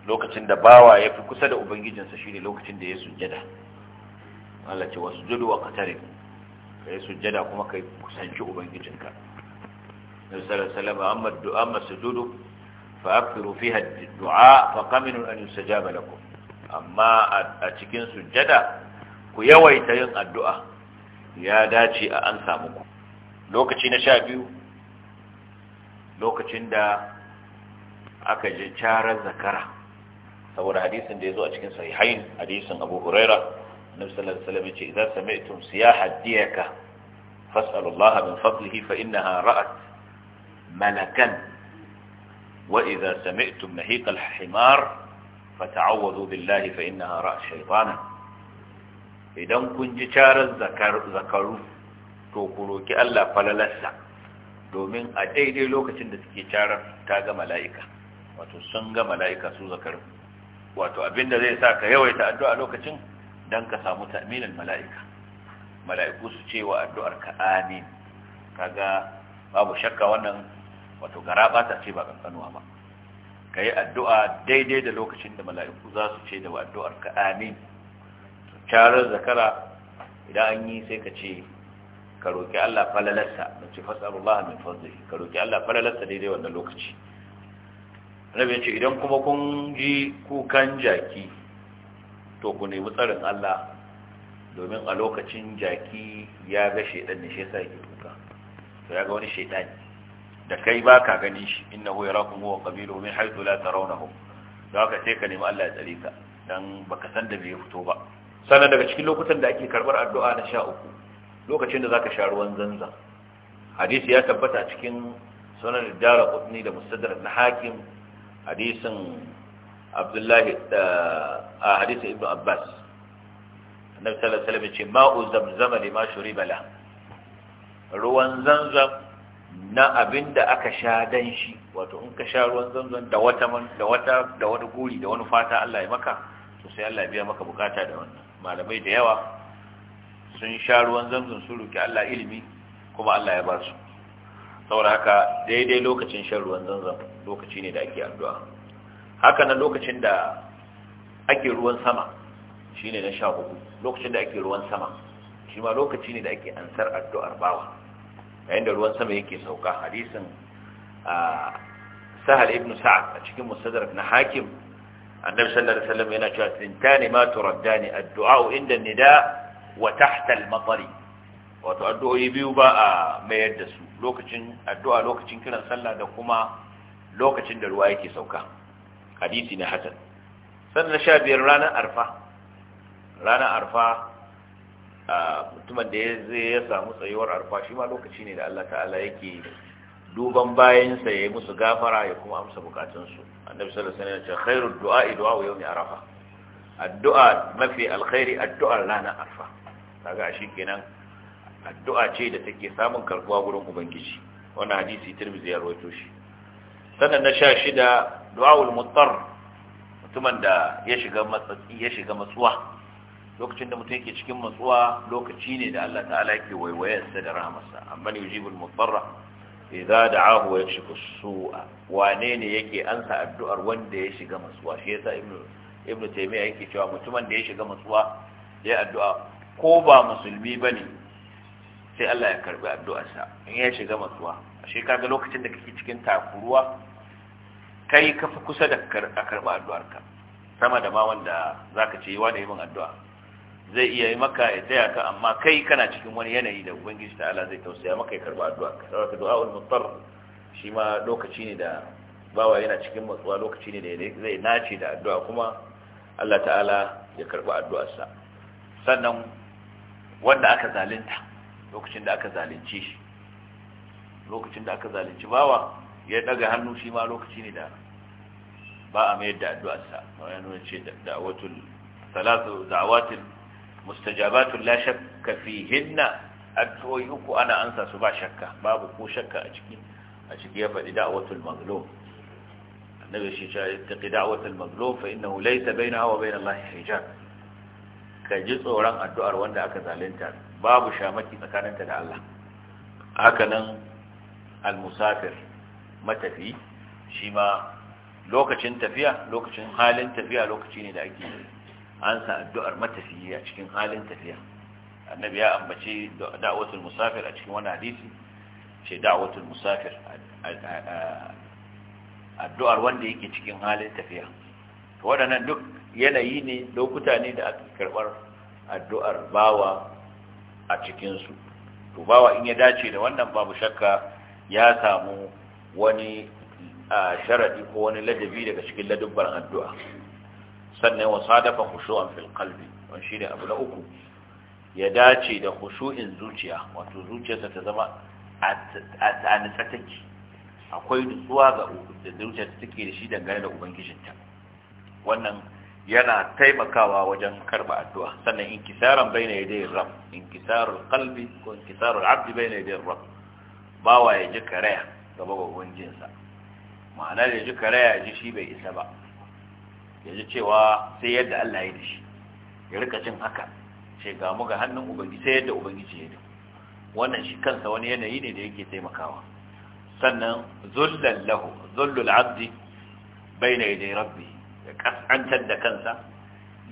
B: lokacin da bawa ya fi kusa da ubangijinsa shi ne lokacin da ya sujjada Allah ce wasu wasjudu wa ka yi sujjada kuma yi kusanci ubangijinka Nabi sallallahu alaihi wasallam amma du'a masjudu fa akthiru fiha ad-du'a fa qaminu an yustajaba lakum amma a cikin sujjada ku yawaita yin addu'a ya dace a an samu ku lokaci na sha biyu lokacin da aka je carar zakara saboda hadisin da ya zo a cikin sahihain hadisin abu huraira annabi sallallahu alaihi ce idan sami'tum siyaha diyaka fas'alullaha min fadlihi fa innaha ra'at malakan wa idan sami'tum nahiqa al-himar fata'awwadhu billahi fa innaha ra'at shaytana idan kun ji charar zakaru to ku roki Allah falalarsa domin a daidai lokacin da suke charar ta ga mala'ika wato sun ga mala'ika su zakaru wato abinda zai sa ka yawaita addu'a lokacin dan ka samu ta'minal mala'ika mala'iku su ce wa addu'ar ka amin kaga babu shakka wannan wato garaba ta ce ba kankanuwa ba kai addu'a daidai da lokacin da mala'iku za su ce da addu'ar ka amin charar zakara idan an yi sai ka ce ka roki Allah falalarsa da ce fasallallahu min fadlihi ka roki Allah falalarsa daidai wannan lokaci
A: annabi ya ce idan
B: kuma kun ji kukan jaki to ku nemi tsarin Allah domin a lokacin jaki ya ga shaidan ne shi yasa yake kuka to ya ga wani shaidani da kai ba ka ganin shi huwa yarakum huwa qabiluhu min haythu la tarawnahum da haka sai ka nemi Allah ya tsare ka dan baka san da bai fito ba sannan daga cikin lokutan da ake karbar addu'a na sha uku lokacin da zaka sha ruwan zanza hadisi ya tabbata cikin sunan dara qutni da mustadrak na hakim hadisin abdullahi a hadisin ibn abbas na sallallahu alaihi ce ma'u zamzama ne ma shuriba bala? ruwan zanzan na abinda aka sha dan shi wato in ka sha ruwan zanzan da wata da wata da wani guri da wani fata Allah ya maka to sai Allah ya biya maka bukata da wannan malamai da yawa sun sha ruwan zanzan su roki Allah ilimi kuma Allah ya ba su saboda haka daidai lokacin shan ruwan zanzan lokaci ne da ake addu'a haka nan lokacin da ake ruwan sama shine na sha hudu lokacin da ake ruwan sama shi ma lokaci ne da ake ansar addu'ar bawa yayin da ruwan sama yake sauka hadisin sahal ibn sa'ad a cikin musaddarak na hakim annabi sallallahu alaihi wasallam yana cewa tintani ma turaddani addu'a inda nida wa tahta al-matari wato addu'o'i biyu ba a mayar da su lokacin addu'a lokacin kiran sallah da kuma lokacin da ruwa yake sauka hadisi na hasan sannan sha biyar ranar arfa ranar arfa mutumin da ya samu tsayuwar arfa shi ma lokaci ne da Allah ta'ala yake duban bayansa ya yi musu gafara ya kuma amsa bukatunsu annabi sallallahu alaihi wasallam ya ce khairu du'a du'a yawmi arafa addu'a mafi alkhairi addu'a ranar arfa kaga shi kenan addu'a ce da take samun karbuwa gurin ubangiji wannan hadisi tirmidhi ya rawaito shi sanan na 16 du'aul muttar mutumin da ya shiga matsatsi ya shiga matsuwa lokacin da mutum yake cikin matsuwa lokaci ne da Allah ta'ala yake waiwayarsa da rahamarsa amma ne yujibul mutarra idza da'ahu wa yakshifu su'a wane ne yake ansa addu'ar wanda ya shiga matsuwa shi yasa ibnu ibnu taymiya yake cewa mutumin da ya shiga matsuwa ya addu'a ko ba musulmi bane sai Allah ya karbi addu'arsa in ya shiga matsuwa shi kaga lokacin da kake cikin takuruwa kai ka fi kusa da ka karba addu'arka sama da ma wanda zaka ce yi wani min addu'a zai iya yi maka ya taya ka amma kai kana cikin wani yanayi da ubangiji ta Allah zai tausaya maka ya karba addu'arka saboda du'a'ul muttar shi ma lokaci ne da bawa yana cikin matsuwa lokaci ne da zai nace da addu'a kuma Allah ta'ala ya karɓi addu'arsa sannan wanda aka zalunta lokacin da aka zalunce shi lokacin da aka zalunci bawa ya daga hannu shi ma lokaci ne da ba a mayar da addu'arsa wannan nuna ce da'awatul salatu da'awatul mustajabatul la shakka fihinna addu'o'i uku ana ansa su ba shakka babu ko shakka a cikin a cikin ya faɗi da'awatul mazlum annabi shi ya taqi da'awatul mazlum fa innahu laysa bainaha wa bain Allah hijab ka ji tsoron addu'ar wanda aka zalunta babu shamaki tsakaninta da Allah hakanan al-musafir matafi shi ma lokacin tafiya lokacin halin tafiya lokaci ne da ake an sa addu'ar matafiyi a cikin halin tafiya annabi ya ambace da'watul musafir a cikin wani hadisi ce da'watul musafir addu'ar wanda yake cikin halin tafiya to waɗannan duk yanayi ne lokuta ne da ake karɓar addu'ar bawa a cikinsu to bawa in ya dace da wannan babu shakka ya samu wani sharadi ko wani ladabi daga cikin ladubbar addu'a sannan wa sadafa khushu'an fil qalbi wannan shine abu na uku ya dace da khushu'in zuciya wato zuciyarsa ta zama a nitsa take akwai nutsuwa ga da zuciyarsa take da shi dangane da ubangijinta wannan yana taimakawa wajen karba addu'a sannan inkisaran bayna yadayir rabb inkisarul qalbi ko inkisarul abdi bayna yadayir rabb bawa ya ji karaya gaba babban jinsa ma'ana ya ji karaya ya ji shi bai isa ba ya ji cewa sai yadda Allah ya yi da shi ya rika jin haka ce ga mu ga hannun ubangiji sai yadda ubangiji ya yi wannan shi kansa wani yanayi ne da yake taimakawa sannan zullal lahu zullul abdi bayna yaday rabbi ya kasantar da kansa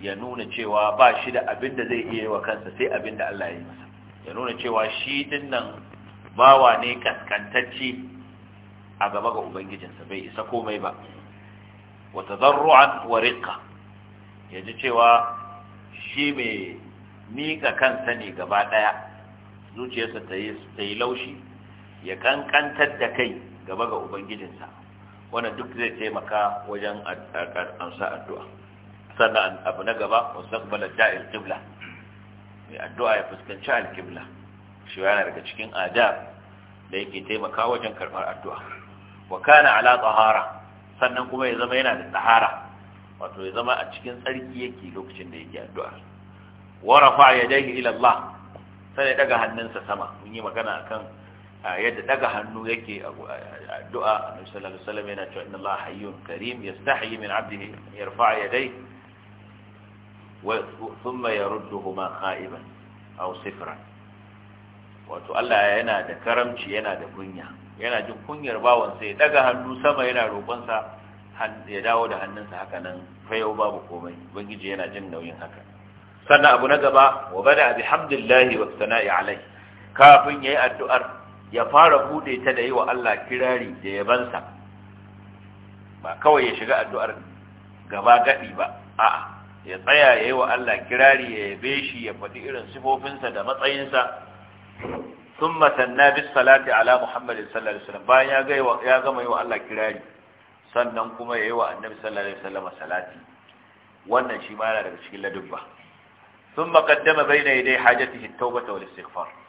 B: ya nuna cewa ba shi da abin da zai iya yi wa kansa sai abin da Allah ya yi masa ya nuna cewa shi dinnan bawa ne kaskantacce a gaba ga ubangijinsa bai isa komai ba wa tadarru'an wa Ya ji cewa shi mai mika kansa ne gaba daya zuciyarsa ta yi laushi ya kankantar da kai gaba ga ubangijinsa wannan duk zai taimaka wajen amsa addu'a sannan abu na gaba mustaqbalat da'il qibla mai addu'a ya fuskanci al-qibla. shi yana daga cikin adab da yake taimaka wajen karbar addu'a wa kana ala tahara sannan kuma ya zama yana da tahara wato ya zama a cikin tsarki yake lokacin da yake addu'a wa rafa yadayhi ila Allah sai ya daga hannunsa sama mun yi magana akan yadda daga hannu yake addu'a annabi sallallahu alaihi wasallam yana cewa inna allaha hayyun karim yastahi min 'abdihi yarfa' yadayhi wa thumma yarudduhuma qa'iban aw sifran wato Allah yana da karamci yana da kunya yana jin kunyar bawan sai daga hannu sama yana roƙon sa ya dawo da hannunsa haka nan fayau babu komai ubangiji yana jin nauyin haka sannan abu na gaba wa bada bihamdillahi wa sana'i alai kafin yayi addu'ar ya fara bude ta da yi wa Allah kirari da yabansa ba kawai ya shiga addu'ar gaba gaɗi ba a'a ya tsaya ya yi wa Allah kirari ya yabe shi ya faɗi irin sifofinsa da matsayinsa sun matanna bis salati ala Muhammad sallallahu alaihi wasallam bayan ya gama yi wa Allah kirari sannan kuma ya yi wa annabi sallallahu alaihi wasallam salati wannan shi ma yana daga cikin ladubba sun makaddama bai na yi yadai hajjatihi taubata wal istighfar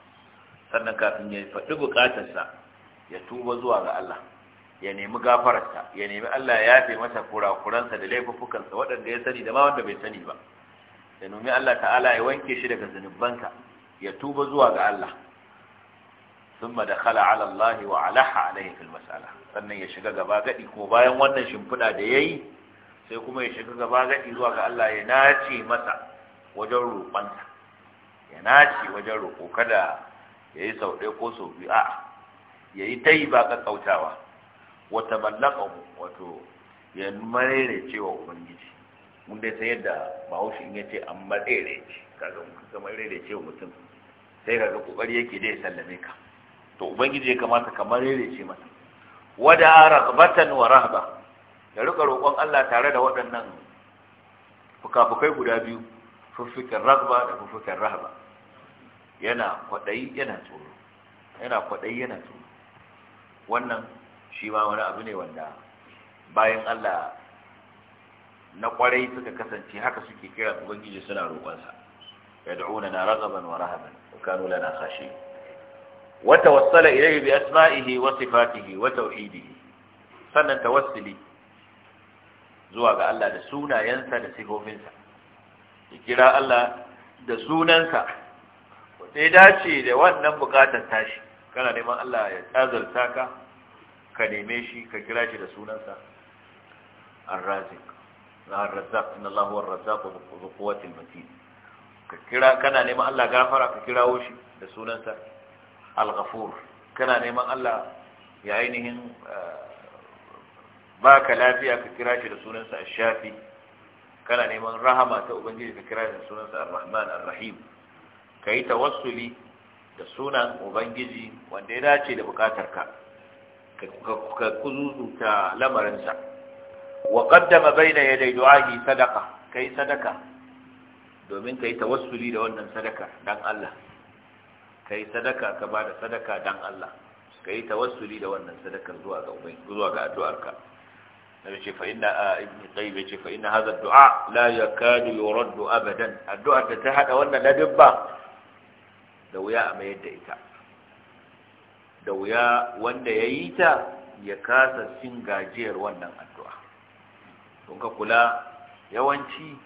B: sannan kafin ya faɗi buƙatarsa ya tuba zuwa ga Allah ya nemi gafararsa ya nemi Allah ya yafe masa kurakuransa da laifuffukansa waɗanda ya sani da ma wanda bai sani ba ya nemi Allah ta'ala ya wanke shi daga zunubansa ya tuba zuwa ga Allah thumma dakhala ala Allah wa alaha alayhi fil mas'ala sannan ya shiga gaba gadi ko bayan wannan shimfida da yayi sai kuma ya shiga gaba gadi zuwa ga Allah ya nace masa wajen roƙonsa ya nace wajen roƙo kada ya yi sau ɗaya ko sau biyu a'a ya yi ta yi ba ƙaƙƙautawa wata ballaka wato ya marere cewa ubangiji mun dai sai yadda bahaushe in ya ce an marere ce kaga mun ka marere cewa mutum sai kaga kokari yake dai sallame ka to ubangiji ya kamata ka marere ce masa wada raghbatan wa rahba ya rika roƙon Allah tare da waɗannan fuka-fukai guda biyu fuffikin raghba da fuffikin rahba yana kwaɗayi yana tsoro yana kwaɗayi yana tsoro wannan shi ma wani abu ne wanda bayan Allah na kwarai suka kasance haka suke kira ubangiji suna roƙonsa yad'una na ragaban wa rahaban wa kanu lana khashi wa tawassala ilayhi bi asma'ihi wa sifatihi wa tauhidihi sannan tawassuli zuwa ga Allah da sunayensa da sifofinsa ya kira Allah da sunansa sai dace da wannan bukatar tashi kana neman Allah ya azarta ka ka neme shi ka kira shi da sunansa ar-raziq ar-razzaq inna ar-razzaq dhu quwwatil matin ka kira kana neman Allah gafara ka kirawo shi da sunansa al-ghafur kana neman Allah ya ainihin eh, baka lafiya ka kira shi da sunansa ash-shafi kana neman rahama ta ubangiji ka kira shi da sunansa ar-rahman ar-rahim ka yi tawassuli da sunan ubangiji wanda ya dace da bukatarka ka kuzuzuta lamarinsa wa qaddama baina yaday du'ahi sadaqa kai sadaka domin kai tawassuli da wannan sadaka dan Allah kai sadaka ka bada sadaka dan Allah kai tawassuli da wannan sadakar zuwa ga ubangiji zuwa ga addu'arka nabi ce fa inna ibn qayyim ce fa inna hadha ad-du'a la yakadu yuraddu abadan addu'a ta hada wannan ladabba da wuya a mayar da ita da wuya wanda ya yi ta ya kasa cin gajiyar wannan addu'a don ka kula yawanci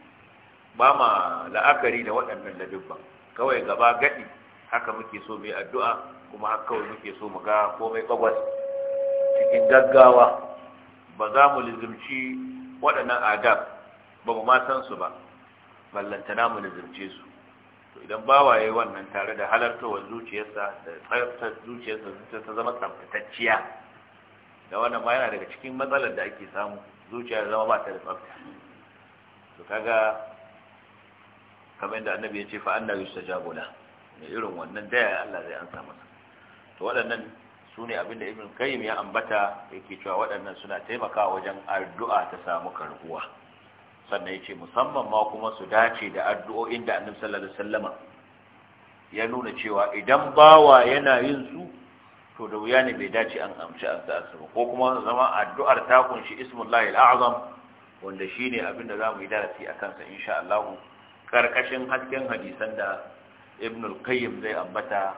B: ba ma la'akari da waɗannan ladubban kawai gaba gaɗi haka muke so mai addu'a kuma haka kawai muke so mu ga komai bagwas cikin gaggawa ba za mu lizimci waɗannan adab ba mu ma san su ba ballantana mu lizimce su to idan bawa yi wannan tare da halartowa zuciyarsa da tsayar zuciyarsa ta zama tsabtacciya da wannan ma yana daga cikin matsalar da ake samu zuciya zama ba ta da tsabta to kaga kamar yadda annabi ya ce fa anna ta jagola da irin wannan daya Allah zai ansa masa to waɗannan su ne abinda ibn kayyim ya ambata yake cewa waɗannan suna taimakawa wajen addu'a ta samu karbuwa sannan ya ce musamman ma kuma su dace da addu'o'in da annabi sallallahu alaihi ya nuna cewa idan bawa yana yin su to da wuya ne bai dace an amshi addu'arsa ba ko kuma zama addu'ar ta kunshi ismullahi al’azam wanda wanda shine abin da zamu yi darasi a kansa insha Allah karkashin hasken hadisan da Ibn al-Qayyim zai ambata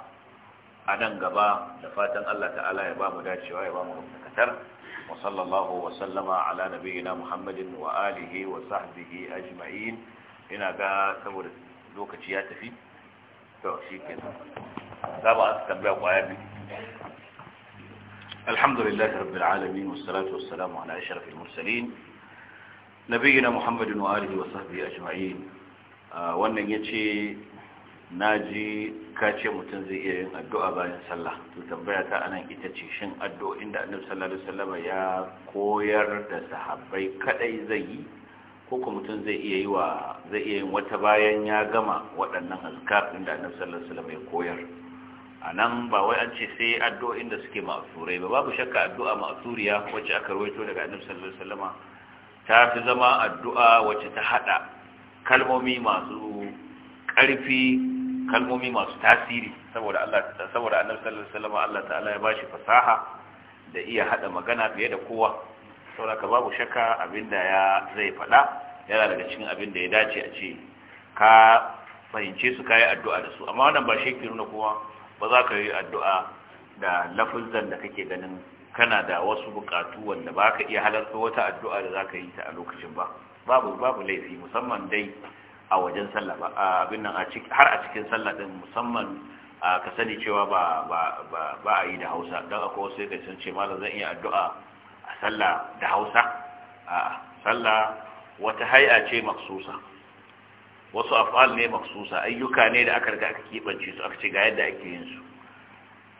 B: a nan gaba da fatan Allah ta'ala ya ba mu dacewa ya ba mu rubuta وصلى الله وسلم على نبينا محمد وآله وصحبه أجمعين هنا جاء سبب لوكتي يا تفي تو شيكن سبعة تنبيه قيابي الحمد لله رب العالمين والصلاة والسلام على أشرف المرسلين نبينا محمد وآله وصحبه أجمعين wannan ya ce na ji ka ce mutum zai iya yin addu'a bayan sallah to tambaya ta anan ita ce shin addu'o'in da annabi sallallahu alaihi wasallam ya koyar da sahabbai kadai zai yi ko kuma mutum zai iya yi wa zai iya yin wata bayan ya gama waɗannan azkar din da annabi sallallahu alaihi wasallam ya koyar anan ba wai an ce sai addu'o'in da suke ma’asurai ba babu shakka addu'a ma’asuriya wacce aka rawaito daga annabi sallallahu alaihi wasallam ta fi zama addu'a wacce ta hada kalmomi masu ƙarfi kalmomi masu tasiri saboda Allah saboda Annabi sallallahu alaihi wasallam Allah ta'ala ya bashi fasaha da iya hada magana fiye da kowa saboda ka babu shakka abinda ya zai fada yana daga cikin abinda ya dace a ce ka fahimce su kai addu'a da su amma wannan ba shi nuna kowa ba za ka yi addu'a da lafuzan da kake ganin kana da wasu bukatu wanda ba ka iya halarta wata addu'a da za ka yi ta a lokacin ba babu babu laifi musamman dai a wajen sallah ba abin nan har a cikin sallah din musamman ka sani cewa ba ba a yi da hausa don akwai wasu da sun ce malam zan iya addu'a a sallah da hausa a sallah wata haya ce maksusa wasu afal ne maksusa ayyuka ne da aka riga aka kibance su aka ce ga yadda ake yin su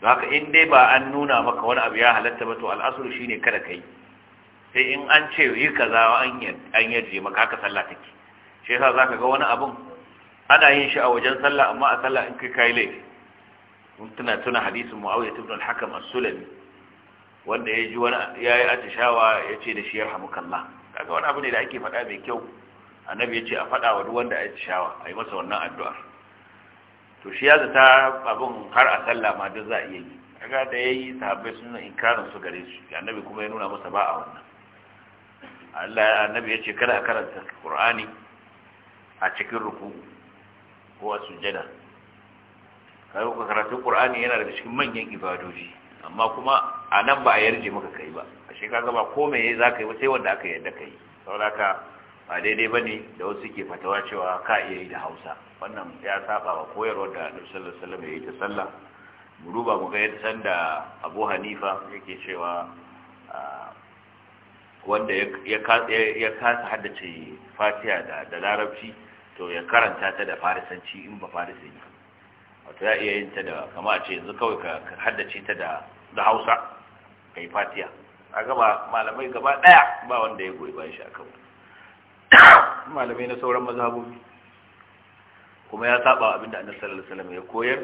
B: haka in dai ba an nuna maka wani abu ya halatta ba to al'asuru shine kada kai sai in an ce yi kaza an yarje maka haka sallah take shi yasa zaka ga wani abun ana yin shi a wajen sallah amma a sallah in kai kai le mun tuna tuna hadisin Muawiyah ibn al-Hakam as-Sulami wanda ya ji wani yayi atishawa yace da shi yarhamukallah kaga wani abu ne da ake faɗa mai kyau annabi yace a faɗa wa duk wanda atishawa ayi masa wannan addu'a to shi ya zata abun har a sallah ma duk za a iya yi kaga da yayi sahabbai sun inkarin su gare su annabi kuma ya nuna masa ba a wannan Allah annabi yace kada a karanta Qur'ani a cikin ruku ko a sujada kai ko karatu qur'ani yana daga cikin manyan ibadoji amma kuma a nan ba a yarje maka kai ba ashe kaga ba komai yayi zaka yi ba sai wanda aka yarda kai saboda ka ba daidai bane da wasu ke fatawa cewa ka iya yi da Hausa wannan ya saba wa koyarwar da Annabi sallallahu alaihi wasallam yayi ta sallah mu duba mu ga yadda sanda Abu Hanifa yake cewa wanda ya kasa haddace Fatiha da Larabci to ya karanta ta da farisanci in ba farisi ne wato ya iya yin ta da kama a ce yanzu kawai ka haddace ta da da hausa ka yi fatiya a gaba malamai gaba ɗaya ba wanda ya goyi ba shi a kawo. *coughs* malamai na sauran mazhabobi kuma ya saba abin da annabi sallallahu alaihi wasallam ya koyar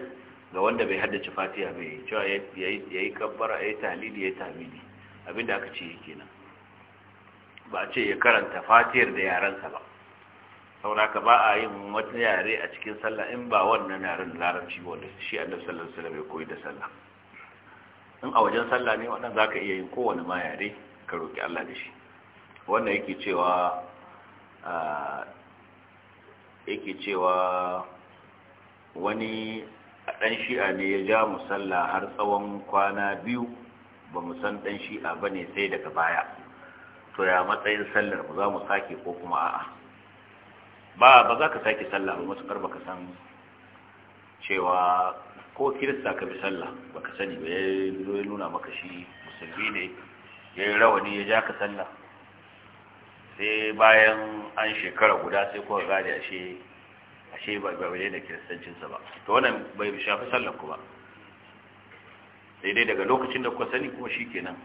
B: ga wanda bai haddace fatiya bai cewa yayi kabbara yayi tahlili yayi tahmidi abin da aka ce kenan ba a ce ya karanta fatiyar da yaransa ba saboda ka ba a yin wata yare a cikin sallah in ba wannan yaren larabci wanda shi annabi sallallahu alaihi wasallam ya koyi da sallah in a wajen sallah ne wannan zaka iya yin kowane ma yare ka roki Allah da shi wannan yake cewa yake cewa wani ɗan shi'a ne ya ja mu sallah har tsawon kwana biyu ba mu san dan shi'a bane sai daga baya to ya matsayin sallar mu za mu sake ko kuma a'a ba ba za ka sake sallah ba matuƙar ba ka san cewa ko kirista ka bi sallah ba ka sani ba ya nuna maka shi musulmi ne ya yi rawani ya ja ka sallah sai bayan an shekara guda sai kuwa gari ashe ashe ba ba da kiristancinsa ba to wannan bai shafi sallah ku ba sai dai daga lokacin da kuka sani kuma shi kenan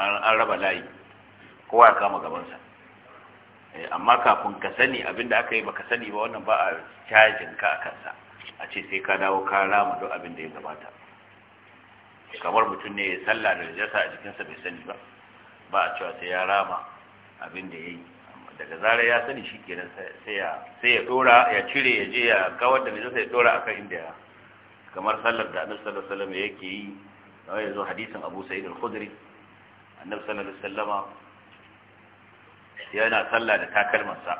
B: an raba layi kowa ya kama gabansa Eh, amma kafin ka sani abinda aka yi baka sani ba wannan ba a cajin ka a kansa a ce sai ka dawo ka rama duk abin da ya gabata kamar mutum ne ya salla da rajasa a jikinsa bai sani ba ba a cewa sai ya rama abin da ya yi daga zarar ya sani shi kenan sai ya dora ya cire ya je ya kawar da rajasa ya dora akan inda ya kamar sallar da annabi sallallahu alaihi wasallam yake yi kamar yanzu hadisin Abu Sa'id al-Khudri annabi sallallahu alaihi wasallama yana sallah da takalmansa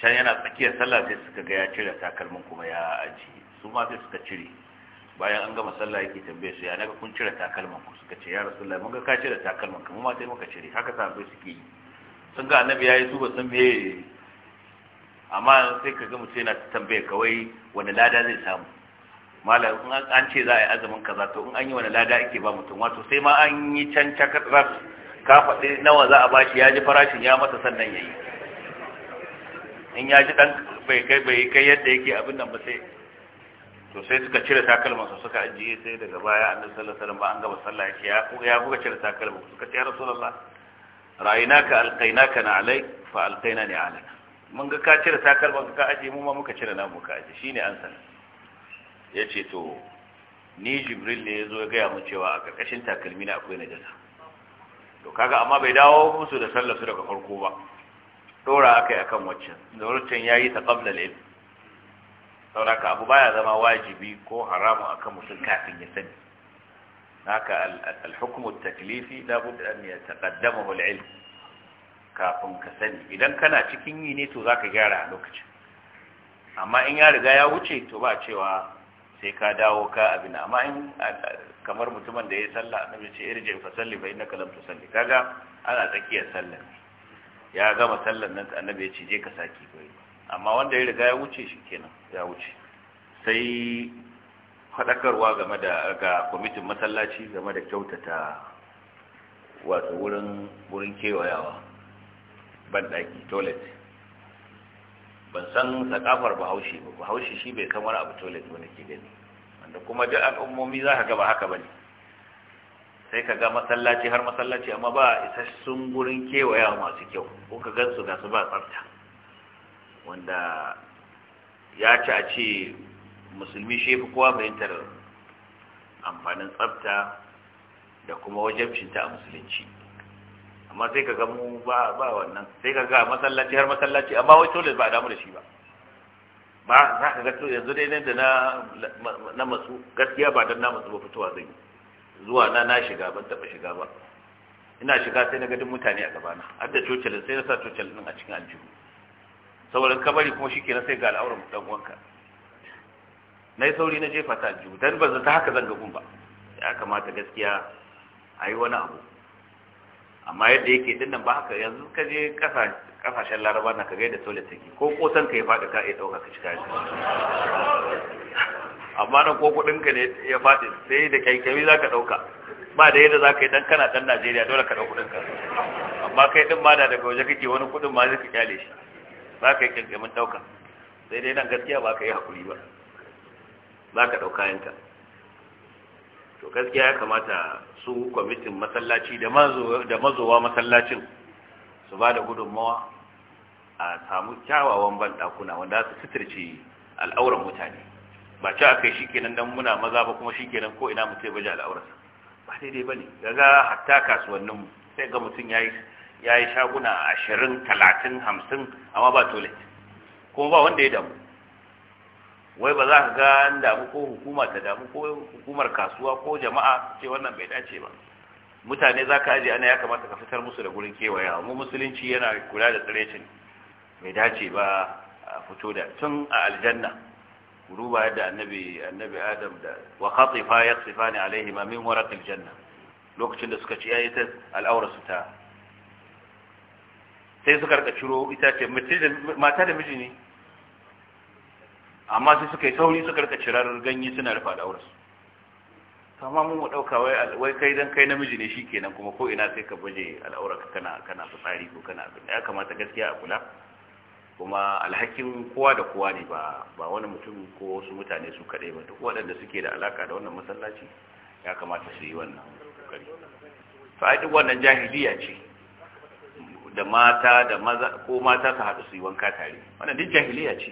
B: can yana tsakiyar sallah sai suka ga ya cire takalmin kuma ya aji su ma sai suka cire bayan an gama sallah yake tambaye su ya naga kun cire takalman ku suka ce ya rasulullahi mun ga ka cire takalman kuma ma sai muka cire haka sahabbai suke yi sun ga annabi yayi su ba san me amma sai ka ga mutum yana tambaye kawai wani lada zai samu malam in an ce za a yi azumin kaza to in an yi wani lada ake ba mutum wato sai ma an yi can za ka faɗi nawa za a bashi ya ji farashin ya masa sannan ya yi in ya ji ɗan bai kai bai kai yadda yake abin nan ba sai to sai suka cire takalman su suka ajiye sai daga baya annabi sallallahu alaihi wasallam ba an gaba sallah yake ya ku ya kuka cire takalman suka ce ya rasulullah ra'aynaka alqaynaka na alai fa alqayna ni alai mun ga ka cire takalman ka ajiye mu ma muka cire namu ka ajiye shine an sanin yace to ni jibril ne yazo ya gaya mu cewa a karkashin takalmi na akwai najasa to kaga amma bai dawo musu da sallar su daga farko ba dora akai akan waccan da waccan yayi ta qabla ilm sauraka abu baya zama wajibi ko haramun akan mutum kafin ya sani haka al taklifi la budda an ya al-ilm kafin ka sani idan kana cikin yi ne to zaka gyara a lokacin
A: amma in ya riga ya
B: wuce to ba cewa sai ka dawo ka abin amma in kamar mutumin da ya yi sallah annabi ce irje fa salli fa innaka lam tusalli kaga ana tsakiyar sallar ya gama sallar nan annabi ya ce je ka saki koyi amma wanda ya riga ya wuce shi kenan ya wuce sai faɗakarwa game da ga kwamitin masallaci game da kyautata wato wurin wurin kewayawa banɗaki toilet ban san sakafar bahaushe ba bahaushe shi bai san wani abu toilet wani ke gani wanda kuma duk al'ummomi za ka gaba haka ba ne, sai ka ga masallaci har masallaci amma ba isassun gurin kewaya masu kyau ko ka gan su ga ba tsafta wanda ya ci a ce musulmi shefi kowa fahimtar amfanin tsafta da kuma wajabcinta a musulunci amma sai ka ga mu ba wannan sai ka ga masallaci har masallaci amma wai tole ba a damu da shi ba ba za ka gato yanzu dai da na na masu gaskiya ba dan na masu ba fitowa zan yi zuwa na na shiga ban taba shiga ba ina shiga sai na ga duk mutane a gabana har da cocalin sai na sa cocalin din a cikin aljihu saboda kabari kuma na sai ga al'aurar dan wanka. na yi sauri na jefa ta aljihu dan ba zata haka zan ga gun ba ya kamata gaskiya a yi wani abu amma yadda yake dinnan nan ba haka yanzu ka je kasa kafashen laraba na ka gaida tole take ko kosan ka ya faɗi ka iya ɗauka ka cika shi amma nan ko kudin ka ne ya faɗi sai da kyankyami za ka ɗauka ba da yadda za ka yi dan kana ɗan najeriya dole ka dauka kudin ka amma kai ɗin ma da daga waje kake wani kuɗin ma zai ka kyale shi za ka yi kyankyamin ɗauka sai dai nan gaskiya ba ka yi haƙuri ba za ka ɗau yanka. to gaskiya ya kamata su kwamitin masallaci da mazowa masallacin su ba da gudunmawa a samu kyawawan banɗakuna wanda su fitarci al'auran mutane ba ci a kai shi kenan don muna maza ba kuma shi kenan ko ina mutum ya baje al'aurarsa ba daidai ba ne daga hatta kasuwanninmu sai ga mutum ya yi shaguna ashirin talatin hamsin amma ba toilet kuma ba wanda ya damu wai ba za ka ga damu ko hukuma ta damu ko hukumar kasuwa ko jama'a ce wannan bai dace ba mutane za ka aji ana ya kamata ka fitar musu da gurin kewaya mu musulunci yana kula da tsirecin bai dace ba a fito da tun a aljanna duba yadda annabi annabi adam da wa khatifa yaqsifani ma min warq aljanna. lokacin da suka ci ayatan ta al'aura su ta sai suka rika ciro ita ce mata da miji ne amma sai suka yi sauri suka rika cirar ganye suna rufa da aurarsu amma mun mu dauka wai wai kai dan kai namiji ne shikenan kuma ko ina sai ka baje ka kana kana fitsari ko kana abin ya kamata gaskiya a kula kuma alhakin kowa da kowa ne ba ba wani mutum ko wasu mutane su kaɗai ba duk waɗanda suke da alaka da wannan masallaci ya kamata su yi wannan kokari to duk wannan jahiliya ce da mata da maza ko mata su haɗu su yi wanka tare wannan duk jahiliya ce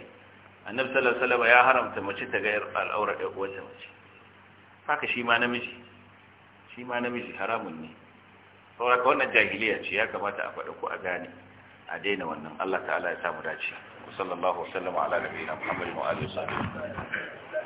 B: annabi sallallahu alaihi wasallam ya haramta mace ta ga al'aura ɗaya wata mace haka shi ma namiji shi ma namiji haramun ne saboda wannan jahiliya ce ya kamata a faɗa ko a gane a daina wannan Allah ta'ala ya samu dace sallallahu alaihi wa sallam ala nabiyina Muhammadin wa alihi wa
A: sahbihi